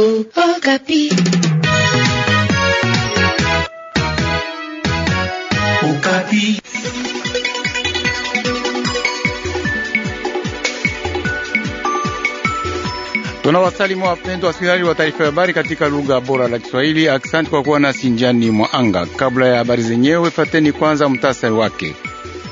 Okapi. Okapi. Tunawasalimu wapendwa wasikilizaji wa taarifa ya habari katika lugha bora la Kiswahili. Asante kwa kuwa nasi njiani mwa anga. Kabla ya habari zenyewe, fateni kwanza mtasari wake.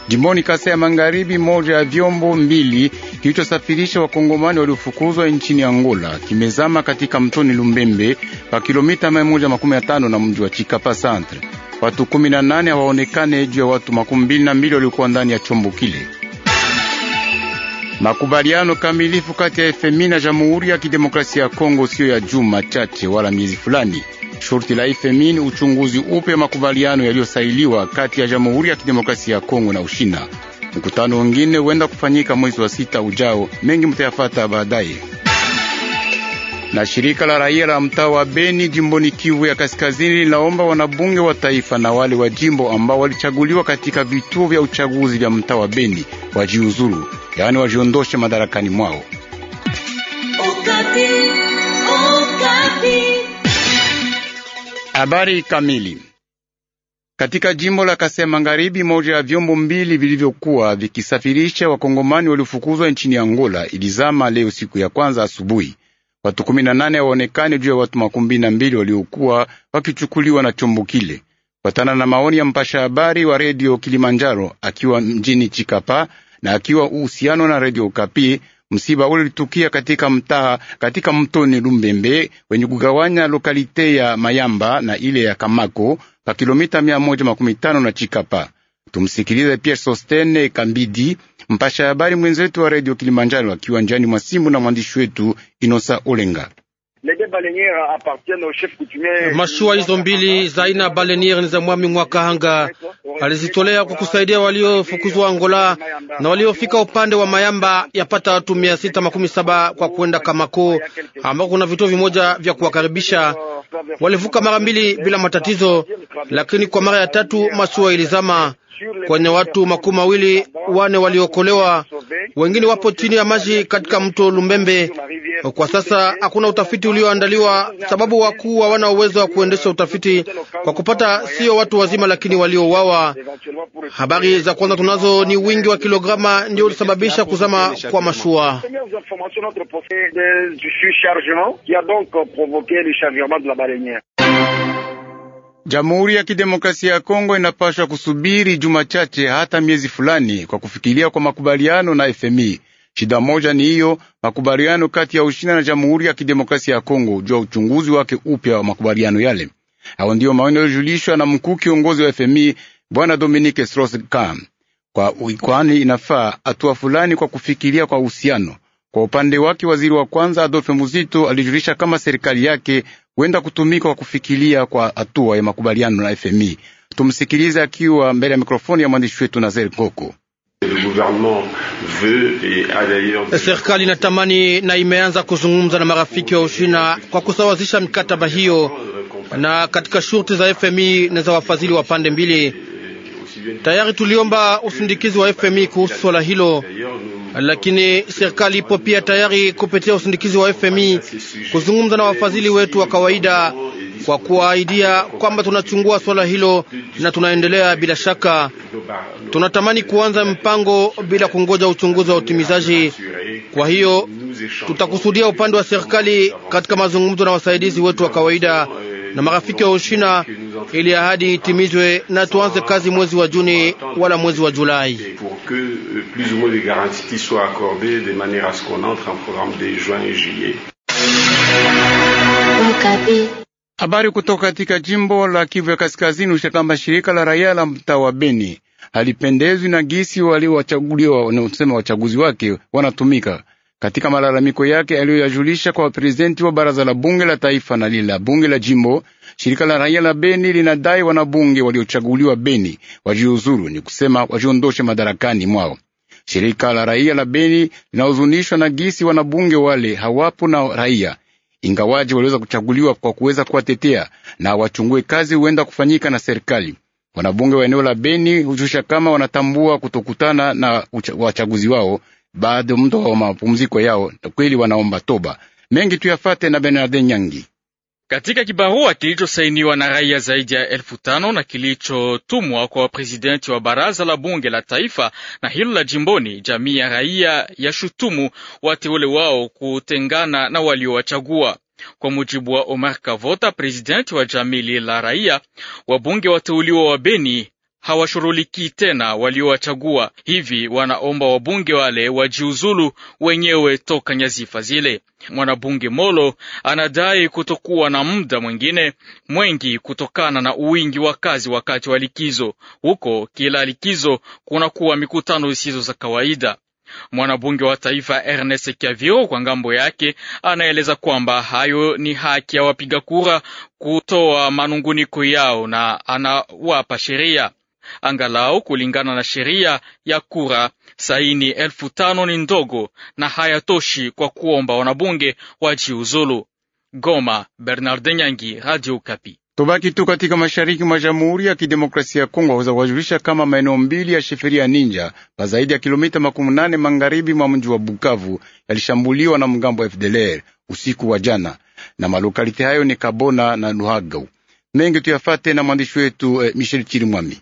Jimboni Kasai ya Magharibi, moja ya vyombo mbili kilichosafirisha wakongomani waliofukuzwa nchini Angola kimezama katika mtoni Lumbembe pa kilomita 115 na mji wa Chikapa Centre. Watu 18 hawaonekane juu ya watu makumi mbili na mbili waliokuwa ndani ya chombo kile. Makubaliano kamilifu kati ya FMI na Jamhuri ya Kidemokrasia ya Kongo siyo ya juma chache wala miezi fulani. Shurti la FMI ni uchunguzi upe makubaliano yaliyosailiwa kati ya Jamhuri ya Kidemokrasia ya Kongo na Ushina. Mkutano mwingine huenda kufanyika mwezi wa sita ujao. Mengi mtayafata baadaye. Na shirika la raia la mtaa wa Beni jimboni Kivu ya Kaskazini linaomba wanabunge wa taifa na wale wa jimbo ambao walichaguliwa katika vituo vya uchaguzi vya mtaa wa Beni wajiuzuru, yaani wajiondoshe madarakani mwao. Habari kamili katika jimbo la Kasai Magharibi, moja ya vyombo mbili vilivyokuwa vikisafirisha wakongomani waliofukuzwa nchini Angola ilizama leo siku ya kwanza asubuhi. Watu kumi na nane hawaonekani juu ya watu makumi na mbili waliokuwa wakichukuliwa na chombo kile, kufuatana na maoni ya mpasha habari wa redio Kilimanjaro akiwa mjini Chikapa na akiwa uhusiano na redio Kapi. Msiba ule ulitukia katika mtaa katika mtoni Lumbembe wenye kugawanya lokalite ya Mayamba na ile ya Kamako pa kilomita mia moja makumi tano na Chikapa. Tumsikilize Pierre Sostene Kambidi, mpasha habari mwenzetu wa redio Kilimanjaro, akiwa njani mwa simu na mwandishi wetu Inosa Olenga. Mashua hizo mbili za aina Baleniere ni za Mwami Hanga, alizitolea kwa kusaidia waliofukuzwa Angola na waliofika upande wa Mayamba, yapata watu mia sita makumi saba kwa kwenda Kamako, ambako kuna vituo vimoja vya kuwakaribisha. Walivuka mara mbili bila matatizo, lakini kwa mara ya tatu mashua ilizama kwenye watu makumi mawili wane waliokolewa wengine wapo chini ya maji katika mto Lumbembe. Kwa sasa hakuna utafiti ulioandaliwa, sababu wakuu hawana uwezo wa kuendesha utafiti kwa kupata sio watu wazima, lakini waliouawa. Habari za kwanza tunazo ni wingi wa kilograma ndio ulisababisha kuzama kwa mashua. Jamhuri ya Kidemokrasia ya Kongo inapashwa kusubiri juma chache hata miezi fulani kwa kufikiria kwa makubaliano na FMI. Shida moja ni hiyo makubaliano kati ya Ushina na Jamhuri ya Kidemokrasia ya Kongo juu ya uchunguzi wake upya wa makubaliano yale. Hao ndiyo maoni yaliyojulishwa na mkuu kiongozi wa FMI Bwana Dominique Strauss-Kahn, uikwani inafaa hatua fulani kwa kufikiria kwa uhusiano. Kwa upande wake, waziri wa kwanza Adolphe Muzito alijulisha kama serikali yake huenda kutumika kwa kufikilia kwa hatua ya makubaliano na FMI. Tumsikilize akiwa mbele ya mikrofoni ya mwandishi wetu Nazer Koko. Eh, serikali inatamani na imeanza kuzungumza na marafiki wa Ushina kwa kusawazisha mikataba hiyo na katika shurti za FMI na za wafadhili wa pande mbili Tayari tuliomba usindikizi wa FMI kuhusu swala hilo, lakini serikali ipo pia tayari kupitia usindikizi wa FMI kuzungumza na wafadhili wetu wa kawaida kwa kuwaahidia kwamba tunachungua swala hilo na tunaendelea. Bila shaka, tunatamani kuanza mpango bila kungoja uchunguzi wa utimizaji. Kwa hiyo tutakusudia upande wa serikali katika mazungumzo na wasaidizi wetu wa kawaida na marafiki wa Ushina ili ahadi itimizwe na tuanze kazi mwezi wa Juni wala mwezi wa Julai. Euh, Habari kutoka katika jimbo la Kivu ya Kaskazini ushakamba shirika la raia la mtaa wa Beni halipendezwi na gisi wali wachaguliwa, wachaguzi wake wanatumika katika malalamiko yake aliyoyajulisha kwa waprezidenti wa baraza la bunge la taifa na lile la bunge la jimbo, shirika la raia la Beni linadai wanabunge waliochaguliwa Beni wajiuzuru, ni kusema wajiondoshe madarakani mwao. Shirika la raia la Beni linahuzunishwa na gisi wanabunge wale hawapo na raia, ingawaji waliweza kuchaguliwa kwa kuweza kuwatetea na wachungue kazi huenda kufanyika na serikali. Wanabunge wa eneo la Beni hujusha kama wanatambua kutokutana na wachaguzi wao baada muda wa mapumziko yao, na kweli wanaomba toba. Mengi tuyafate na Bernard Nyangi. Katika kibarua kilichosainiwa na raia zaidi ya elfu tano na kilichotumwa kwa waprezidenti wa baraza la bunge la taifa na hilo la jimboni, jamii ya raia ya shutumu wateule wao kutengana na waliowachagua. Kwa mujibu wa Omar Kavota, presidenti wa jamii la raia, wabunge wateuliwa wa Beni hawashughulikii tena waliowachagua, hivi wanaomba wabunge wale wajiuzulu wenyewe toka nyazifa zile. Mwanabunge Molo anadai kutokuwa na muda mwingine mwengi kutokana na uwingi wa kazi wakati wa likizo. Huko kila likizo kunakuwa mikutano zisizo za kawaida. Mwanabunge wa taifa Ernest Kiavio kwa ngambo yake anaeleza kwamba hayo ni haki ya wapiga kura kutoa manunguniko yao na anawapa sheria angalau kulingana na sheria ya kura. Saini elfu tano ni ndogo na hayatoshi kwa kuomba wanabunge wajiuzulu. Goma, Bernard Nyangi, Radio Okapi. Tubaki tu katika mashariki mwa Jamhuri ya Kidemokrasia ya Kongo, waweza kuwajulisha kama maeneo mbili ya sheferia Ninja pa zaidi ya kilomita makumi nane magharibi mwa mji wa Bukavu yalishambuliwa na mgambo wa FDLR usiku wa jana, na malokalite hayo ni Kabona na Luhagau. Mengi tuyafate na mwandishi wetu eh, Michel Chirimwami.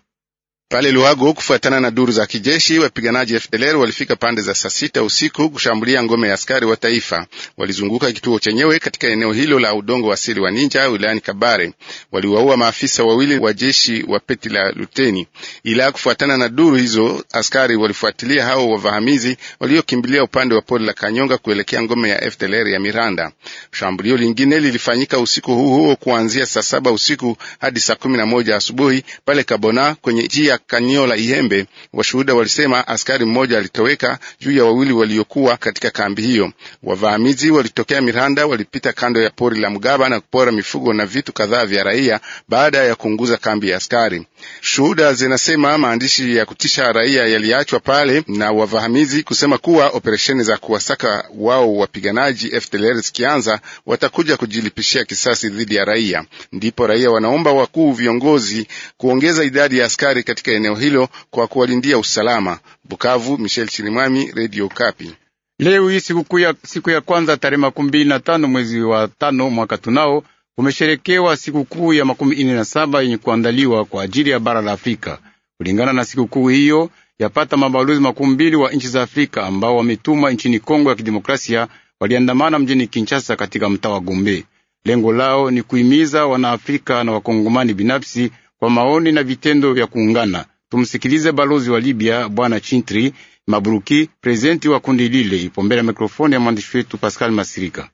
Pale Luago, kufuatana na duru za kijeshi, wapiganaji FDLR walifika pande za saa sita usiku kushambulia ngome ya askari wa taifa. Walizunguka kituo chenyewe katika eneo hilo la udongo wa asili wa Ninja wilayani Kabare. Waliwaua maafisa wawili wa jeshi wa peti la luteni. Ila kufuatana na duru hizo, askari walifuatilia hao wavahamizi waliokimbilia upande wa pole la Kanyonga kuelekea ngome ya FDLR ya Miranda. Shambulio lingine lilifanyika usiku huu huo kuanzia saa saba usiku hadi saa kumi na moja asubuhi pale Kabona kwenye njia kanio la Ihembe, washuhuda walisema askari mmoja alitoweka juu ya wawili waliokuwa katika kambi hiyo. Wavamizi walitokea Miranda, walipita kando ya pori la Mgaba na kupora mifugo na vitu kadhaa vya raia baada ya kuunguza kambi ya askari. Shuhuda zinasema maandishi ya kutisha raia yaliachwa pale na wavahamizi kusema kuwa operesheni za kuwasaka wao wapiganaji FDLR zikianza, watakuja kujilipishia kisasi dhidi ya raia. Ndipo raia wanaomba wakuu viongozi kuongeza idadi ya askari katika katika eneo hilo kwa kuwalindia usalama. Bukavu, Michel Chirimwami, Radio Kapi. Leo hii siku ya, siku ya kwanza tarehe makumi mbili na tano mwezi wa tano mwaka tunao kumesherekewa sikukuu ya makumi nne na saba yenye kuandaliwa kwa ajili ya bara la Afrika. Kulingana na sikukuu hiyo, yapata mabalozi makumi mbili wa nchi za Afrika ambao wametuma nchini Kongo ya Kidemokrasia waliandamana mjini Kinshasa katika mtaa wa Gombe. Lengo lao ni kuhimiza Wanaafrika na Wakongomani binafsi kwa maoni na vitendo vya kuungana. Tumsikilize balozi wa Libya bwana Chintri Mabruki, prezidenti wa kundi lile, ipombele ya mikrofoni ya mwandishi wetu Pascal Masirika.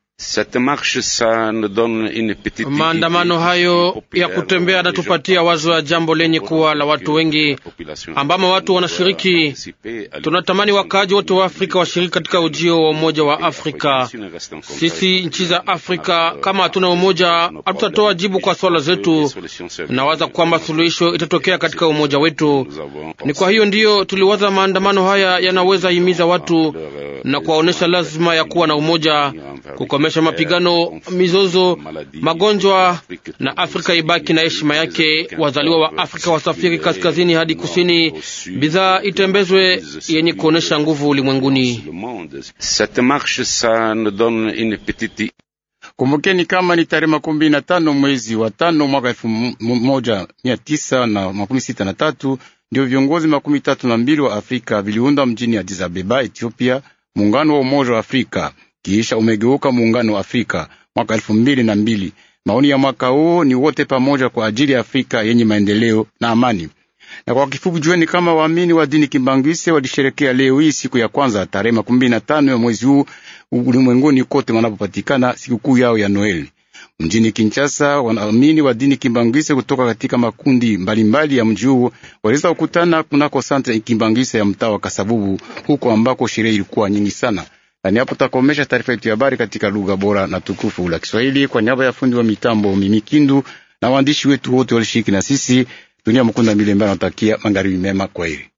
Maandamano hayo ya kutembea yanatupatia wazo ya jambo lenye kuwa la watu wengi ambamo watu wanashiriki. Euh, Tunatamani wakaaji wote wa Afrika washiriki katika ujio wa umoja wa Afrika. Sisi nchi za Afrika, kama hatuna umoja, hatutatoa jibu kwa swala zetu. Nawaza kwamba suluhisho itatokea katika umoja wetu. Ni kwa hiyo ndiyo tuliwaza maandamano haya yanaweza himiza watu euh, na kuwaonyesha lazima ya kuwa na umoja Kukom kukomesha eh, mapigano, mizozo, magonjwa na Afrika ibaki na heshima yake. Wazaliwa wa Afrika wasafiri kaskazini hadi kusini, bidhaa itembezwe yenye kuonesha nguvu ulimwenguni. Kumbukeni kama ni tarehe makumi na tano mwezi wa tano mwaka elfu moja mia tisa na makumi sita na tatu ndio viongozi makumi tatu na mbili wa Afrika viliunda mjini Addis Ababa, Ethiopia, muungano wa Umoja wa Afrika kisha umegeuka muungano wa Afrika mwaka elfu mbili na mbili. Maoni ya mwaka huu ni wote pamoja kwa ajili ya Afrika yenye maendeleo na amani. Na kwa kifupi, jueni kama waamini wa dini Kimbangwise walisherekea leo hii siku ya kwanza tarehe makumi na tano ya mwezi huu ulimwenguni kote wanapopatikana sikukuu yao ya Noeli. Mjini Kinshasa, waamini wa dini Kimbangwise kutoka katika makundi mbalimbali mbali ya mji huo waliweza kukutana kunako santa Kimbangwise ya mtaa wa Kasabubu, huko ambako sherehe ilikuwa nyingi sana. Na ni hapo tutakomesha taarifa yetu ya habari katika lugha bora na tukufu la Kiswahili, kwa niaba ya fundi wa mitambo Mimikindu na waandishi wetu wote walishiriki na sisi. Dunia Mkunda Milemba natakia magharibi mema, kwaheri.